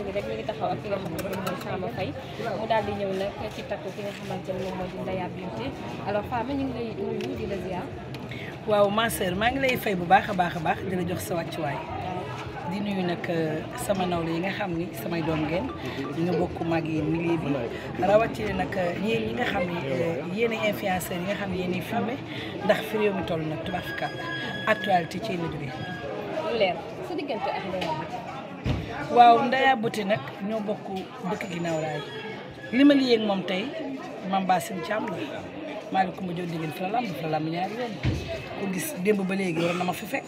xamante ni rek ñu ngi taxaw ak ki nga xamante mu daal ñëw nag ci ma maa ngi lay fay bu baax a baax a baax di jox sa wàccuwaay. di nuyu nag euh, sama nawle yi nga xam ni samay doom ngeen ñi nga bokk mag yéen milieu bi rawatina nag euh, yéen ñi nga xam ni euh, yéen ay influenceurs yi nga xam ne yéen ay filmé ndax fi réew mi toll nag tubaab fi ci yéen a waaw Ndaya Beauté nag ñoo bokk dëkk ginnaaw li ma liyee moom tey Mame Bassine Thiam la maa ngi ko ma jël diggante la lamb la lamb gis démb ba léegi war na ma fi fekk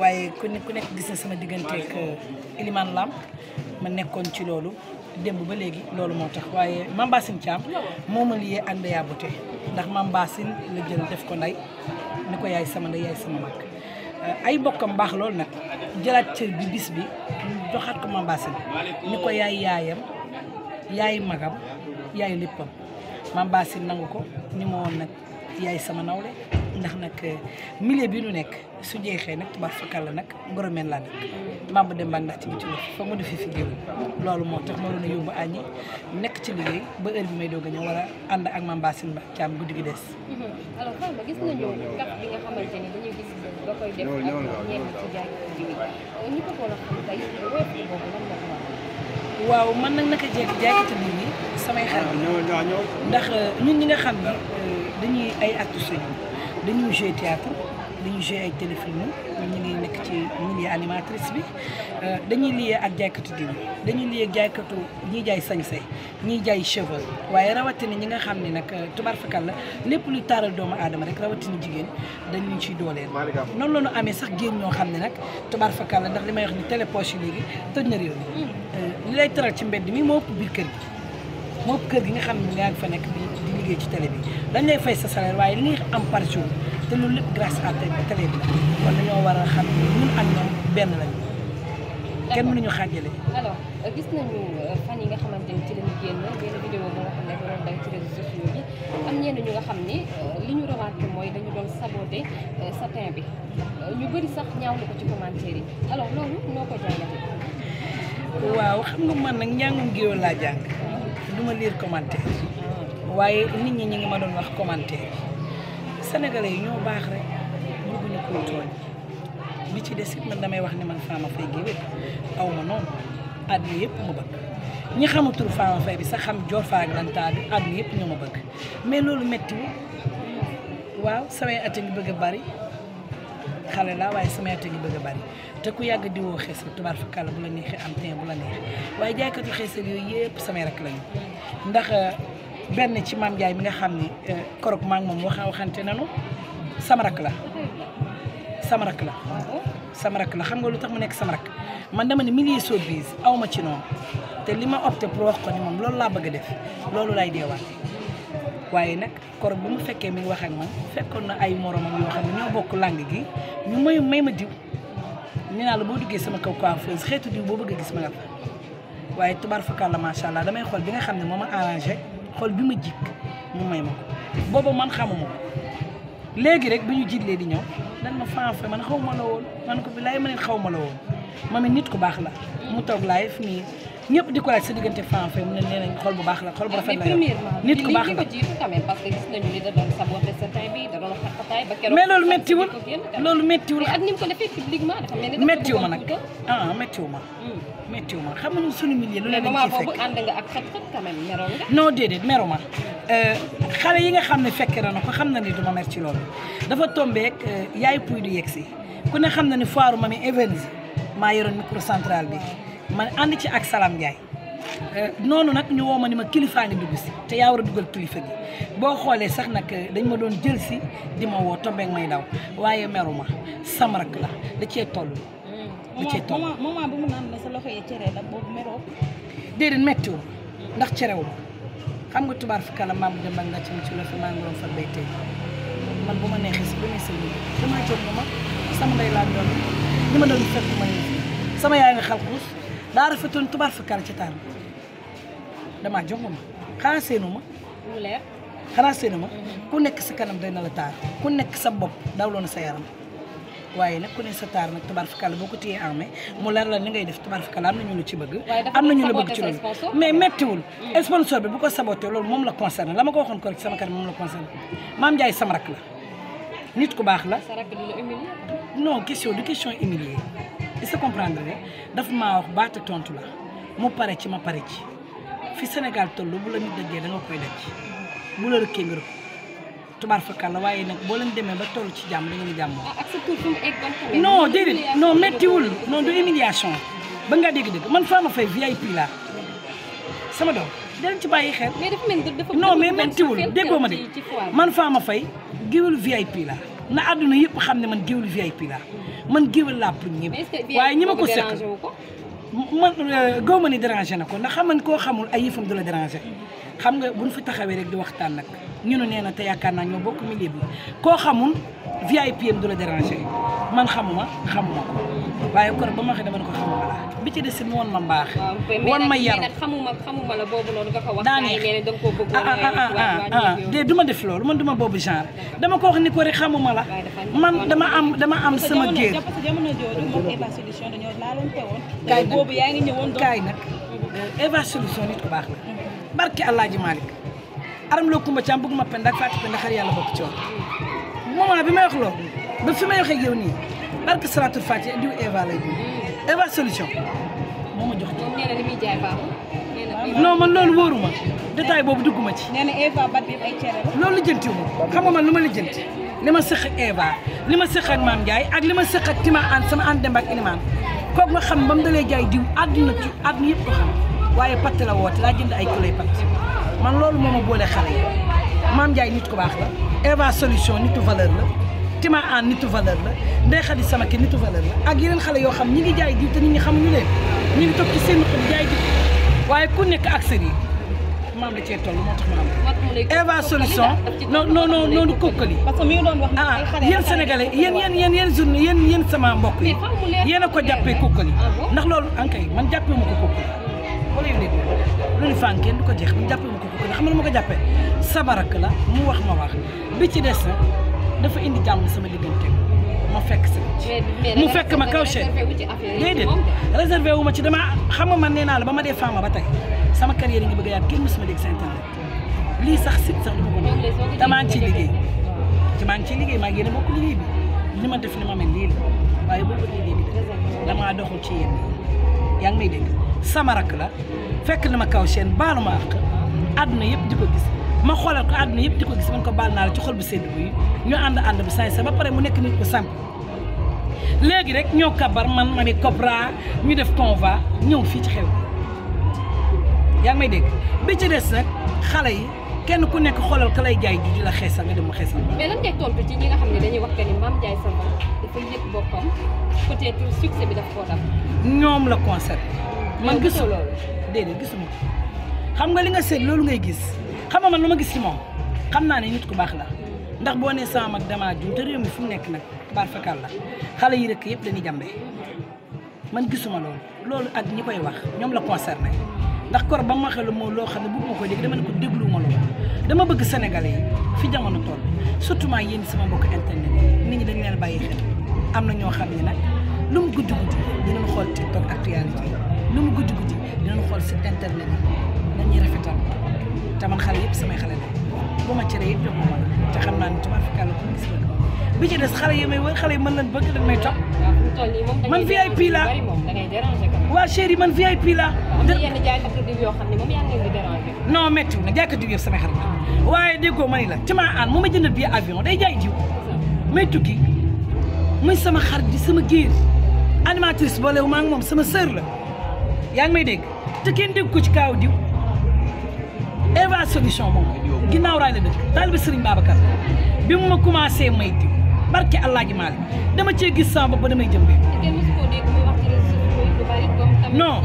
waaye ku nekk gis sama digganteeg uh, Elimane Lam ma nekkoon ci loolu démb ba léegi loolu moo tax waaye Mame Bassine Thiam moo ma liyee ak Ndaya Beauté ndax Mame Bassine la jël def ko nday ni ko yaay sama ndey yaay sama mag Euh, ay bokkam baax lool nag jëlaat cër bi bis bi joxaat ko Mame Bassine ni ko yaay yaayam yaay magam yaay léppam Mame Bassine nangu ko ni ma woon nag yaay sama nawle ndax nag euh, milieu bi nu nekk su jeexee nag tubaab fakal la nag Ngoromène laa dëkk Mamba Demba ak Ndathie bi ci loolu fa defee fi loolu moo tax ma doon nekk ci liggéey ba heure bi may doog a ñëw war a ànd ak waaw man nag naka jekk jaaykati nit ñi samay xarit ah, ndax euh, ñun ñi nga xam ne euh, dañuy ay artistes dañuy joué théâtre dañuy joué ay téléfilm ñu ngi nekk ci milieu animatrice bi euh, dañuy lié ak jaaykatu diw dañuy lié ak jaaykatu ñiy jaay sañse ñiy jaay cheveux waaye rawatina ñi nga xam ne nag euh, tubarfakal la lépp luy taaral doomu aadama rek rawatina jigéen dañu ciy dooleel. noonu la ñu amee sax génn ñoo xam ne nag tubarfakal la ndax li may wax ni télé poche yi léegi tëj na réew mi mm. euh, li lay taral ci mbedd mi moo ëpp biir kër gi moo ëpp kër gi nga xam ne yaa ngi fa nekk liggéey ci télé bi dañ lay fay sa salaire waaye li am par jour te loolu lépp dañoo war a xam ne ñun benn lañu. kenn mënuñu xàjjale. Euh, gis nañu euh, fan yi nga xamante ni ci lañu xam ne doon ñu nga xam ni euh, li ñu remarqué mooy dañu doon saboté satin bi ñu bëri sax ñaawlu ko ci commentaire yi alors loolu noo ko jàngatee. waaw xam nga man nag njàngum géwél laa jàng du ma commentaire. waaye nit ñi ñi ngi ma doon wax commentaire yi sénégalais yi ñoo baax rek bëgguñu koy tooñ bi ci des it man damay wax ne man Fama Faye géwél aw ma noonu àdduna yëpp ma bëgg ñi xamatul Fama Faye bi sa xam Dior Fada ak bi àdduna yëpp ñoo ma bëgg mais loolu métti waaw samay at a ngi bëgg a bari xale laa waaye samay at a ngi bëgg a bari te ku yàgg diwoo xeesal tubaar fa kàlla bu la neexee am teen bu la neexee waaye jaaykatu xeesal yooyu yëpp samay rek lañu benn ci maam Ndiaye mi nga xam ni euh, korok maa ngi moom waxa waxante na sama rakk la sama rakk la sama rakk la xam nga lu tax mu nekk sama rakk man dama ne millier sorbise aw ma ci noonu te li ma opté pour wax ko ni moom loolu laa bëgg a def loolu lay deewaat waaye nag korok bu mu fekkee mi ngi wax ak man fekkoon na ay moromam yoo xam ne ñoo bokk làng gi ñu may may ma diw nee naa la boo duggee sama kaw coiffeuse xeetu diw boo bëgg a gis ma nga fa waaye tubaar la macha allah damay xool bi nga xam ne moo ma arrangé xol bi ma jik mu may ma ko booba man xamuma ko léegi rek bi ñu jiitlee di ñëw dan ma fanfe man xaw ma la woon man ko bi lay ma ne xaw ma la woon ma ne nit ku baax la mu toog live nii ñëpp di ko laaj sa diggante Franc Faye mu bu baax la xol bu rafet la nit ku baax la parce que gis nañu ni da loolu méttiwul loolu méttiwul ak ni mu ko defee publiquement dafa mel ni méttiwu ma nag ah méttiwu ma hmm. méttiwu xam nga suñu milieu lu leen ciy fekk boobu ànd nga ak xat-xat quand même meroo nga non déedéet euh, xale yi nga xam ne fekke na ko xam na ni duma mer ci loolu dafa tombeek euh, yaay puy du yegsi ku ne xam na ni foiru ma mi Evens maa yoroon micro central bi man ànd ci ak salaam Ndiaye euh, noonu nag ñu woo ma ni ma kilifaa ngi dugg si te yaa war a dugal kilifa gi boo xoolee sax nag euh, dañ ma doon jël si di ma woo tombeeg may daw waaye meru ma sama cee toll. da cee mm, loxo yi cere la boobu meroo. déedéet ndax cerewu ma nga tubaar fi kala maam Demba nga ci ci la fi maa ngi doon fa bay tey man bu ma neexee si bu ne si lii damaa jot ma doon sama yaay nga daa rafetoon tubaar fakkaar ci taar damaa jox ma xanaa seenu ma. leer xanaa ma. ku nekk sa kanam day na la taar ku nekk sa bopp dawloon sa yaram waaye nag ku ne sa taar nag tubaar fakkaar la boo ko téyee amee mu leer la ni ngay def tubaar fakkaar la am na ñu ci bëgg. am na ñu la bëgg ci loolu mais méttiwul. sponsor bi bu ko saboté loolu moom la concerné la ma ko waxoon ko rek sama kanam moom la concerné maam Ndiaye sama rak la nit ku baax la. sa rak du la humilier. non question du est-ce que comprendre nga maa wax baati tontu la mu pare ci ma pare ci fi senegal toll bu la ñu dëggee da nga koy daj bu la rëkkee nga rëkk tubaar fakkaar la waaye nag boo leen demee ba toll ci jàmm da ngeen jàmm. Ah, ak sa tur fi mu egg kon. non déedéet non méttiwul du humiliation ba ngaa dégg-dégg man faama ma fay VIP laa sama doom. dinañ ci bàyyi xel. mais dafa mel ni déggoo ma de man faama fay géwélu VIP laa. na àdduna yëpp xam ne man géwélu VIP laa man géwél laa pour ñëpp waaye ñi ma ko seq man euh, gaw ma ni dérangé na ko ndax xam man koo xamul ay yëfam du la dérangé xam nga buñ fi taxawee rek di waxtaan nag ñunu nee na te yaakaar naa ñoo bokk milieu bi koo xamul VIP am du la déranger man xamuma xamuma ko waaye kor ba ma waxee dama ne ko xamuma la bi ci des it woon ma mbaax. Ah, woon ma yaru xamuma xamuma la boobu noonu nga ko wax. de ah, ah, du ma def loolu man du ma boobu genre dama ko ni ko rek xamuma la man dama am dama am sama géer. parce que jamono jooju moom Eva Solution dañoo laalante woon. baax la. barke Alaaji Malick aram loo kumba caam bëgguma pen ak fàtte pen xar yàlla bokk ci woon moment bi ma wax loolu ba fi ma waxee ak yow nii barke Salatul Fatiha diw Eva lay diw Eva solution moo ma jox moom nee na li muy jaay man loolu wóoruma détail boobu dugguma ci. nee na Eva bat la. xam nga man lu ma lijjanti li ma sëq Eva li ma sëq ak maam Ndiaye ak li ma sëq ak Tima An an demb ak Inimaan xam ba mu dalee jaay diw àdduna ci àdduna yëpp xam. waaye patt la woote laa jënd ay kiloy patt man loolu moo ma boole xale yi maam Ndiaye nit ku baax la Eva solution nitu valeur la Tima An nitu valeur la Ndeye sama Samake nitu valeur la ak yenn xale yoo xam ñi ngi jaay diw te nit ñi xamuñu leen ñu ngi toog ci seen xol jaay diw waaye ku nekk ak seen yi maam da cee toll moo tax noo am Eva solution non non non noonu kokkali ah yéen sénégalais yéen yéen yéen yéen journée yéen yéen sama mbokk yi yéen a ko jàppee kokkali ah ndax loolu ankay man jàppee ma ko wala yu nekk lu ni fànn du ko jeex man jàppee wu ko ko xam nga ma ko jàppee sabarak la mu wax ma wax bi ci des na dafa indi jàmm sama diggante ma fekk si mu fekk ma kaw chef déedéet réservé wu wuma ci dama xam nga man nee naa la ba ma dee ma ba tey sama carrière yi nga bëgg a yaat kenn mësuma dégg sa internet lii sax si sax du ma ko damaa ciy liggéey ci maa ngi ciy liggéey maa ngi yéene bokk liggéey bi li ma def li ma mel lii la waaye boobu damaa doxul ci yaa ngi may dégg sama rakk la fekk na ma kaw seen baalu ma àdduna yëpp di ko gis ma xoolal ko àdduna yëpp di ko gis man ko baal naa la ci xol bu sedd bi ñu ànd ànd bu saay sa ba pare mu nekk nit ku samp léegi rek ñoo kabar man ma ni Cobra ñu def convoi ñëw fii ci xew yaa ngi may dégg bi ci des nag xale yi kenn ku nekk xoolal ka lay jaay ji di la xeesal nga dem mu xeesal. mais lan ngay tontu ci ñi nga xam ne dañuy wax que ni Mame Ndiaye Savon dafa yëg boppam peut ñoom la concerné. man gisu déedéet gisuma xam nga li nga seet loolu ngay gis xam nga man lu ma gis ci moom xam naa ne nit ku baax la ndax boo nee sama mag damaa jum te fu mu nekk nag baar fakal la xale yi rek yëpp dañuy jàmbe man gisuma loolu loolu ak ñi koy wax ñoom la concerné ndax kor ba ma waxee lu loo xam ne bëgg ma ko dégg dama ne ko dégluwuma loolu dama bëgg sénégalais yi fi jamono toll surtout maa yéen sama mbokk internet nit ñi dañu leen bàyyi xel am na ñoo xam ne nag lu mu gudd gudd dinañ xool TikTok lu mu guddi guddi dinañ xool si internet bi nañuy rafetal te man xale yëpp samay xale la bu ma cere yëpp jox ma man te xam naa ne tubaab fi kàlla ko gis la bi ci des xale yi may wër xale yi mën lañ bëgg dañ may topp man VIP la waa chéri man VIP la non métti na jaaykat diw yëpp samay xarit la waaye déggoo ma ni la ci maa aan mu ma jëndal bi avion day jaay diw may gi muy sama xarit di sama géer animatrice boole maa ngi moom sama sœur la yaa ngi may dégg te kenn dégg ko ci kaaw diw Eva solution moom ginnaaw raay la dëkk taalibe Serigne Babacar bi mu ma commencé may diw barke Alaaji Maalik dama cee gis sama bopp ba damay jëm non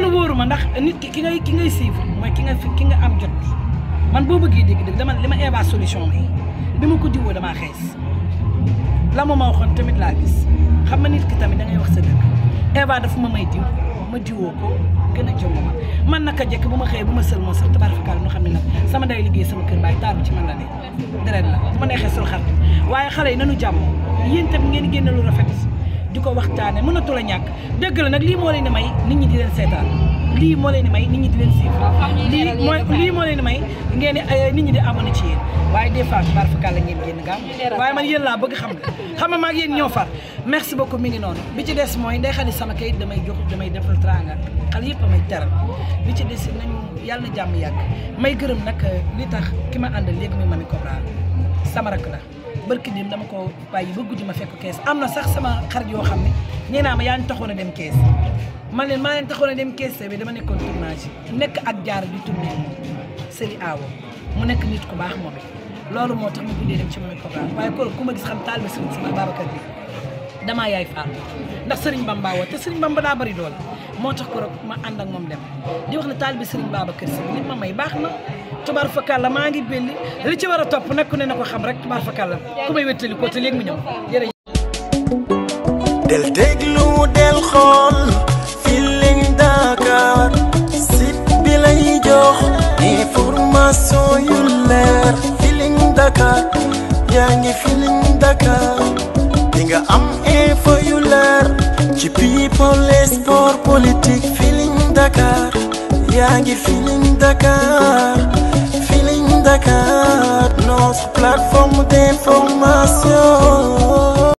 loolu wóoruma ndax nit ki ki ngay ki ngay suivre mooy ki nga ki nga am jot man boo bëggee dégg-dégg dama li ma Eva solution may bi ma ko diwoo dama xees la ma ma tamit laa gis xam nga nit ki tamit da ngay wax sa dëkk Eva dafa ma may diw ma diwoo ko gën a jëmmal man naka jekk bu ma xëyee bu ma sël moo sax tabaarakallaah nu xam ne nag sama day liggéey sama kër baay taaru ci man la ne deret la bu ma neexee sul xar waaye xale yi nanu jàmm yéen tam ngeen génne lu rafet di ko waxtaane mënatul a a ñàkk dëgg la nag lii moo leen di may nit ñi di leen seetaan lii moo leen di may nit ñi di leen suivre lii mooy moo leen di may ngeen euh, nit ñi di abonné ci yéen waaye des fois bar fakal la ngeen génn gaam waaye man yéen laa bëgg xam nga xam nga maag yéen ñoo far merci beaucoup mi ngi noonu bi ci des mooy ndey xali sama kayit damay jox damay defal tranga xale yëpp amay teral bi ci des nañu yàlla na jàmm yàgg may gërëm nag euh, li tax ki ma àndal léegi ni ko Cobra sama rak la barki dem dama ko bàyyi ba guddi ma fekk kees am na sax sama xarit yoo xam ne nee naa ma yaa taxoon a dem kees man leen maa leen taxoon a dem kees bi dama nekkoon tournage nekk ak jaar di tourné Serigne Awo mu nekk nit ku baax moom loolu moo tax ma guddee dem ci moom programme waaye kon ku ma gis xam taal bi Serigne Sidi Babacar bi damaa yaay faal ndax Serigne Bamba woo te Serigne Bamba daa bari doole moo tax ko rek ma ànd ak moom dem di wax ne taal bi Serigne Babacar si nit ma may baax na. tubaar fakal la maa ngi belli li ci war a topp nag ne na ko xam rek tubaar fakal la ku may wéttali ko te mu ñëw del information yu leer Feeling yaa ngi Feeling Dakar di nga am info yu leer ci people yaa ngi Feeling Dakar Feeling Dakar notre plateforme d'information